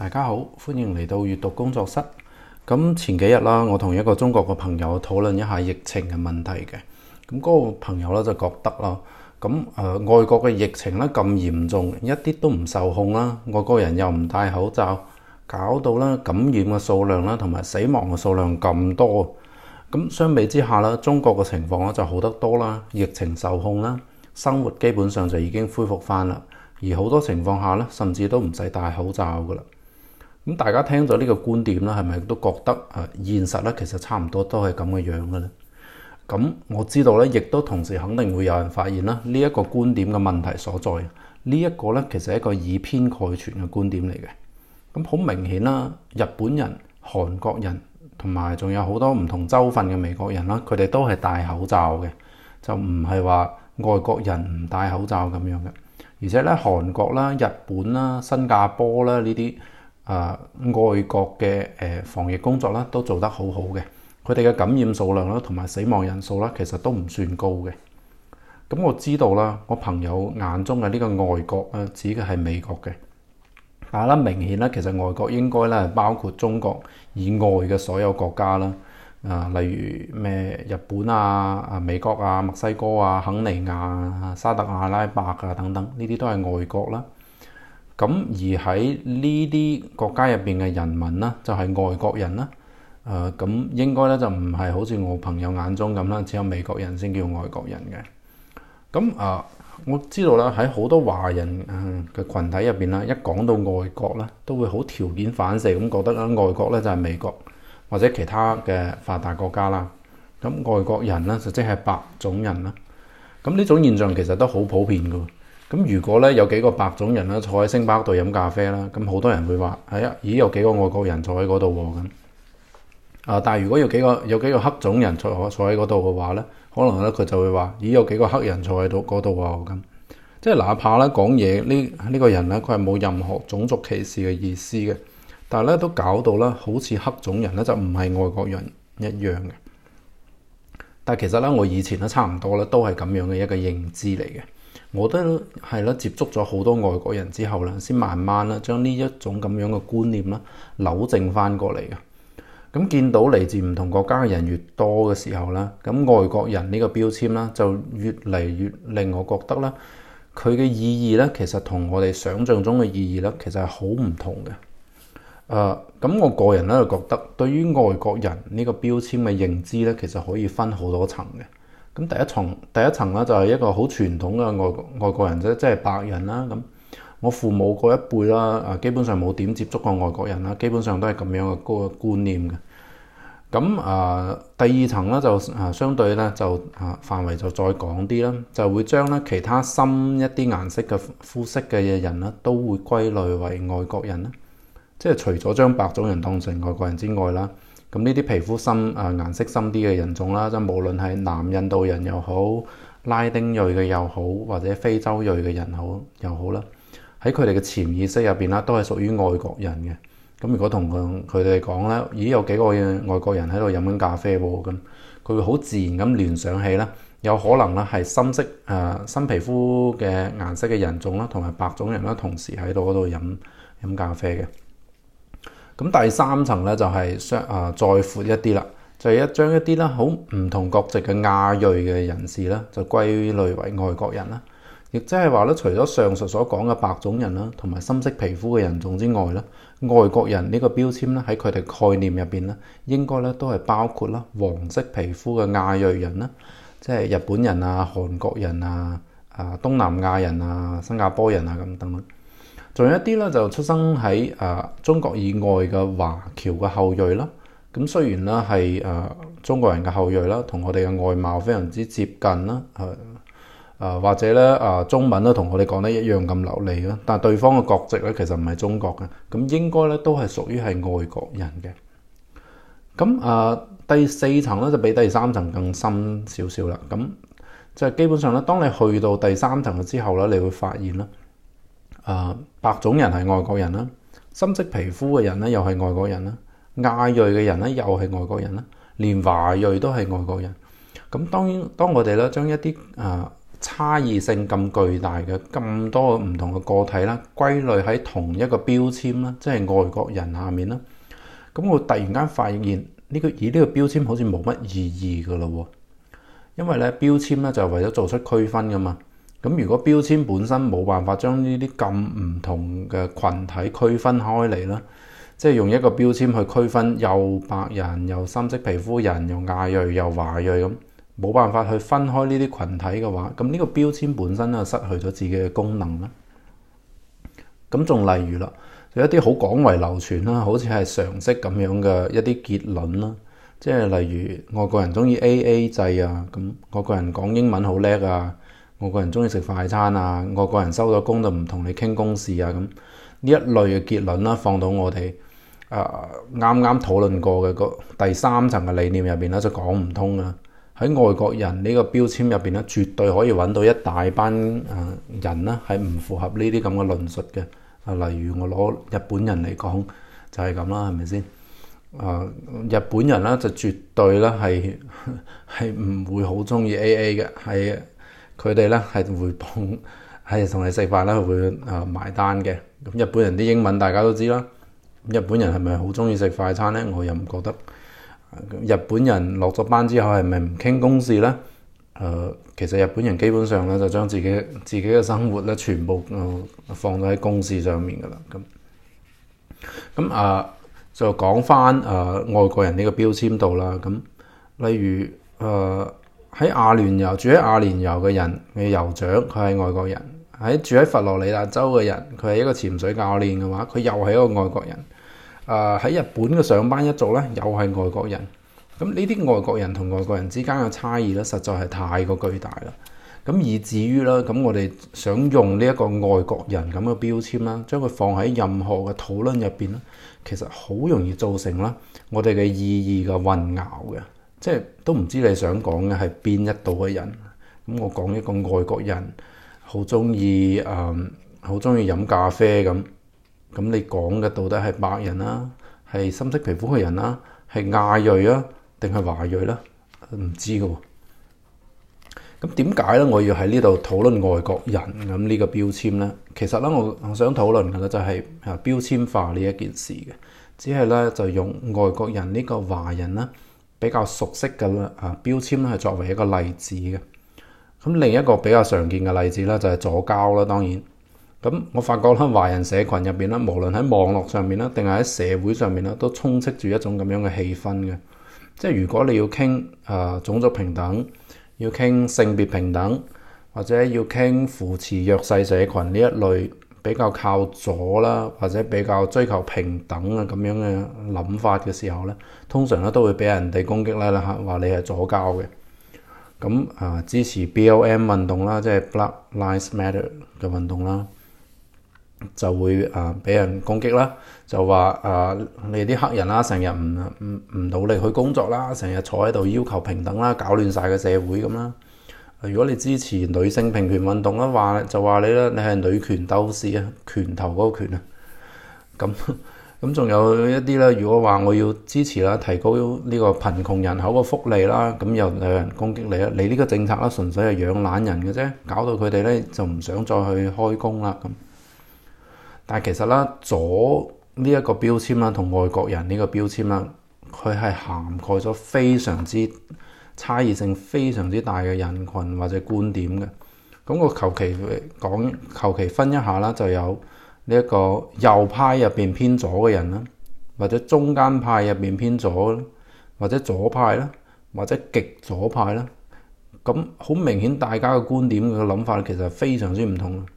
大家好，歡迎嚟到閱讀工作室。咁前幾日啦，我同一個中國嘅朋友討論一下疫情嘅問題嘅。咁、那、嗰個朋友咧就覺得啦，咁、呃、誒外國嘅疫情咧咁嚴重，一啲都唔受控啦。外國人又唔戴口罩，搞到啦感染嘅數量啦，同埋死亡嘅數量咁多。咁相比之下啦，中國嘅情況咧就好得多啦，疫情受控啦，生活基本上就已經恢復翻啦。而好多情況下咧，甚至都唔使戴口罩噶啦。咁大家聽咗呢個觀點啦，係咪都覺得誒，現實咧其實差唔多都係咁嘅樣嘅咧？咁我知道咧，亦都同時肯定會有人發現啦，呢、這、一個觀點嘅問題所在，這個、呢一個咧其實係一個以偏概全嘅觀點嚟嘅。咁好明顯啦，日本人、韓國人同埋仲有好多唔同州份嘅美國人啦，佢哋都係戴口罩嘅，就唔係話外國人唔戴口罩咁樣嘅。而且咧，韓國啦、日本啦、新加坡啦呢啲。啊、呃！外國嘅誒、呃、防疫工作咧，都做得好好嘅。佢哋嘅感染數量啦，同埋死亡人數啦，其實都唔算高嘅。咁我知道啦，我朋友眼中嘅呢個外國啊，指嘅係美國嘅。但係咧，明顯咧，其實外國應該咧係包括中國以外嘅所有國家啦。啊、呃，例如咩日本啊、啊美國啊、墨西哥啊、肯尼亞啊、沙特阿拉伯啊等等，呢啲都係外國啦。咁而喺呢啲國家入邊嘅人民呢，就係、是、外國人啦。誒、呃，咁應該咧就唔係好似我朋友眼中咁啦，只有美國人先叫外國人嘅。咁、嗯、誒，我知道啦，喺好多華人嘅群體入邊啦，一講到外國咧，都會好條件反射咁覺得咧，外國咧就係美國或者其他嘅發達國家啦。咁外國人呢，就即係白種人啦。咁呢種現象其實都好普遍㗎。咁如果咧有幾個白種人咧坐喺星巴克度飲咖啡啦，咁好多人會話：係、哎、啊，咦，有幾個外國人坐喺嗰度喎咁。啊，但係如果有幾個有幾個黑種人坐坐喺嗰度嘅話咧，可能咧佢就會話：咦，有幾個黑人坐喺度嗰度喎咁。即係哪怕咧講嘢呢呢個人咧，佢係冇任何種族歧視嘅意思嘅，但係咧都搞到咧好似黑種人咧就唔係外國人一樣嘅。但係其實咧，我以前咧差唔多咧都係咁樣嘅一個認知嚟嘅。我都係啦，接觸咗好多外國人之後啦，先慢慢啦，將呢一種咁樣嘅觀念啦，扭正返過嚟嘅。咁見到嚟自唔同國家嘅人越多嘅時候啦，咁外國人呢個標籤啦，就越嚟越令我覺得啦，佢嘅意義咧，其實同我哋想象中嘅意義咧，其實係好唔同嘅。誒、呃，咁我個人咧，就覺得對於外國人呢個標籤嘅認知咧，其實可以分好多層嘅。咁第一層第一層咧就係一個好傳統嘅外國外國人啫，即係白人啦。咁我父母嗰一輩啦，啊，基本上冇點接觸過外國人啦，基本上都係咁樣嘅嗰個觀念嘅。咁啊、呃、第二層咧就啊，相對咧就啊，範圍就再廣啲啦，就會將咧其他深一啲顏色嘅膚色嘅人咧都會歸類為外國人啦。即係除咗將白種人當成外國人之外啦。咁呢啲皮膚深啊、呃、顏色深啲嘅人種啦，即係無論係南印度人又好、拉丁裔嘅又好，或者非洲裔嘅人好又好啦，喺佢哋嘅潛意識入邊啦，都係屬於外國人嘅。咁如果同佢佢哋講咧，咦有幾個外外國人喺度飲緊咖啡喎，咁佢會好自然咁聯想起啦，有可能啦係深色啊、呃、深皮膚嘅顏色嘅人種啦，同埋白種人啦，同時喺度度飲飲咖啡嘅。咁第三層咧就係、是啊、再闊一啲啦，就係、是、一張一啲咧好唔同國籍嘅亞裔嘅人士咧，就歸類為外國人啦。亦即係話咧，除咗上述所講嘅白種人啦，同埋深色皮膚嘅人種之外咧，外國人呢個標籤咧喺佢哋概念入邊咧，應該咧都係包括啦黃色皮膚嘅亞裔人啦，即、就、係、是、日本人啊、韓國人啊、啊東南亞人啊、新加坡人啊咁等等。仲有一啲咧，就出生喺啊、呃、中國以外嘅華僑嘅後裔啦。咁雖然咧係誒中國人嘅後裔啦，同我哋嘅外貌非常之接近啦，誒、呃、或者咧啊、呃、中文咧同我哋講得一樣咁流利啦，但係對方嘅國籍咧其實唔係中國嘅，咁應該咧都係屬於係外國人嘅。咁啊、呃、第四層咧就比第三層更深少少啦。咁即係基本上咧，當你去到第三層嘅之後咧，你會發現咧啊，呃白種人係外國人啦，深色皮膚嘅人咧又係外國人啦，亞裔嘅人咧又係外國人啦，連華裔都係外國人。咁當然，當我哋咧將一啲啊、呃、差異性咁巨大嘅咁多唔同嘅個體啦，歸類喺同一個標籤啦，即係外國人下面啦。咁我突然間發現呢、呢個以呢個標籤好似冇乜意義㗎咯喎，因為咧標籤咧就係為咗做出區分㗎嘛。咁如果標籤本身冇辦法將呢啲咁唔同嘅群體區分開嚟啦，即係用一個標籤去區分又白人又深色皮膚人又亞裔又華裔咁，冇辦法去分開呢啲群體嘅話，咁呢個標籤本身就失去咗自己嘅功能啦。咁仲例如啦，有一啲好廣為流傳啦，好似係常識咁樣嘅一啲結論啦，即係例如外國人鍾意 AA 制啊，咁外國人講英文好叻啊。我個人鍾意食快餐啊！我個人收咗工就唔同你傾公事啊！咁呢一類嘅結論啦，放到我哋啊啱啱討論過嘅個第三層嘅理念入邊咧，就講唔通啊！喺外國人呢個標籤入邊咧，絕對可以揾到一大班啊、呃、人啦，係唔符合呢啲咁嘅論述嘅。啊、呃，例如我攞日本人嚟講，就係咁啦，係咪先？啊、呃，日本人咧就絕對咧係係唔會好鍾意 A A 嘅，係佢哋咧係會捧，係同你食飯啦，會誒埋單嘅。咁日本人啲英文大家都知啦。日本人係咪好鍾意食快餐咧？我又唔覺得。日本人落咗班之後係咪唔傾公事咧？誒、呃，其實日本人基本上咧就將自己自己嘅生活咧全部誒、呃、放咗喺公事上面噶啦。咁咁誒就講返誒外國人呢個標籤度啦。咁例如誒。呃喺阿聯酋住喺阿聯酋嘅人，佢酋長佢係外國人；喺住喺佛羅里達州嘅人，佢係一個潛水教練嘅話，佢又係一個外國人。誒、呃、喺日本嘅上班一族咧，又係外國人。咁呢啲外國人同外國人之間嘅差異咧，實在係太過巨大啦。咁以至於啦，咁我哋想用呢一個外國人咁嘅標籤啦，將佢放喺任何嘅討論入邊咧，其實好容易造成啦我哋嘅意義嘅混淆嘅。即係都唔知你想講嘅係邊一度嘅人，咁、嗯、我講一個外國人，好鍾意誒，好鍾意飲咖啡咁。咁、嗯嗯、你講嘅到底係白人啦、啊，係深色皮膚嘅人啦、啊，係亞裔啊，定係華裔啦、啊？唔知嘅喎、哦。咁點解咧？我要喺呢度討論外國人咁呢個標籤咧？其實咧，我我想討論嘅就係標籤化呢一件事嘅，只係咧就用外國人，個華人呢個華人啦。比較熟悉嘅咧啊標籤咧係作為一個例子嘅，咁另一個比較常見嘅例子咧就係、是、左膠啦，當然，咁我發覺咧華人社群入邊咧，無論喺網絡上面咧，定係喺社會上面咧，都充斥住一種咁樣嘅氣氛嘅，即係如果你要傾啊、呃、種族平等，要傾性別平等，或者要傾扶持弱勢社群呢一類。比較靠左啦，或者比較追求平等呀咁樣嘅諗法嘅時候咧，通常咧都會俾人哋攻擊啦啦嚇，話你係左膠嘅，咁啊支持 B L M 運動啦，即係 Black Lives Matter 嘅運動啦，就會啊俾人攻擊啦，就話啊你啲黑人啦，成日唔唔唔努力去工作啦，成日坐喺度要求平等啦，搞亂晒個社會咁啦。如果你支持女性平權運動嘅話就話你啦，你係女權鬥士啊，拳頭嗰個拳啊，咁咁仲有一啲咧。如果話我要支持啦，提高呢個貧窮人口嘅福利啦，咁又有人攻擊你啦。你呢個政策啦，純粹係養懶人嘅啫，搞到佢哋咧就唔想再去開工啦咁。但係其實咧，左呢一個標籤啦，同外國人呢個標籤啦，佢係涵蓋咗非常之差異性非常之大嘅人群或者觀點嘅，咁我求其講，求其分一下啦，就有呢一個右派入邊偏左嘅人啦，或者中間派入邊偏左，或者左派啦，或者極左派啦。咁好明顯，大家嘅觀點嘅諗法其實係非常之唔同嘅。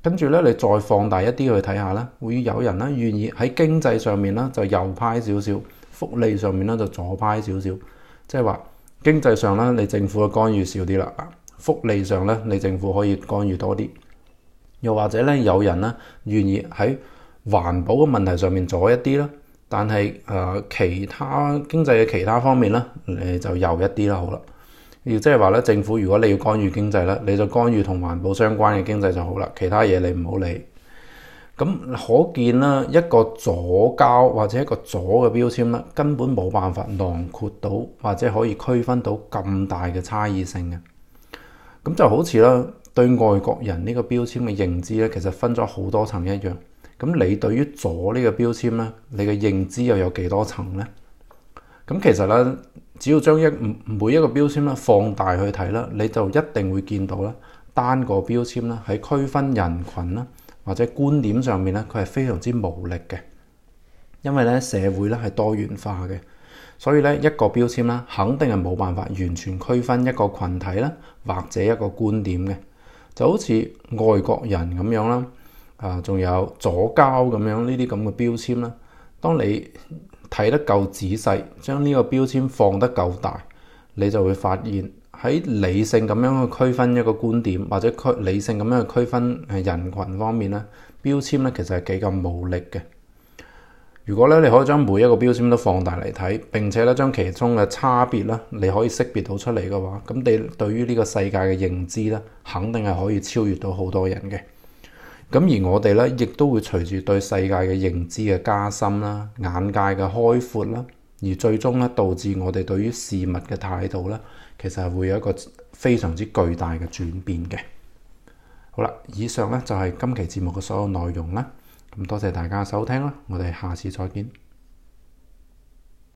跟住咧，你再放大一啲去睇下咧，會有人咧願意喺經濟上面咧就右派少少，福利上面咧就左派少少，即係話。經濟上咧，你政府嘅干預少啲啦，福利上咧，你政府可以干預多啲。又或者咧，有人咧願意喺環保嘅問題上面左一啲啦，但係誒、呃、其他經濟嘅其他方面咧，你就右一啲啦，好啦。亦即係話咧，政府如果你要干預經濟咧，你就干預同環保相關嘅經濟就好啦，其他嘢你唔好理。咁可見啦，一個左膠或者一個左嘅標籤咧，根本冇辦法囊括到或者可以區分到咁大嘅差異性嘅。咁就好似啦，對外國人呢個標籤嘅認知咧，其實分咗好多層一樣。咁你對於左呢個標籤咧，你嘅認知又有幾多層咧？咁其實咧，只要將一每一個標籤咧放大去睇啦，你就一定會見到啦，單個標籤啦，喺區分人群啦，或者觀點上面咧，佢係非常之無力嘅，因為咧社會咧係多元化嘅，所以咧一個標籤咧，肯定係冇辦法完全區分一個群體啦，或者一個觀點嘅，就好似外國人咁樣啦，啊，仲有左膠咁樣呢啲咁嘅標籤啦，當你睇得夠仔細，將呢個標籤放得夠大，你就會發現喺理性咁樣去區分一個觀點，或者區理性咁樣去區分人群方面呢，標籤呢，其實係幾咁無力嘅。如果呢你可以將每一個標籤都放大嚟睇，並且呢將其中嘅差別呢你可以識別到出嚟嘅話，咁你對於呢個世界嘅認知呢，肯定係可以超越到好多人嘅。咁而我哋呢，亦都會隨住對世界嘅認知嘅加深啦，眼界嘅開闊啦。而最終呢，導致我哋對於事物嘅態度呢，其實係會有一個非常之巨大嘅轉變嘅。好啦，以上呢就係今期節目嘅所有內容啦。咁多謝大家收聽啦，我哋下次再見。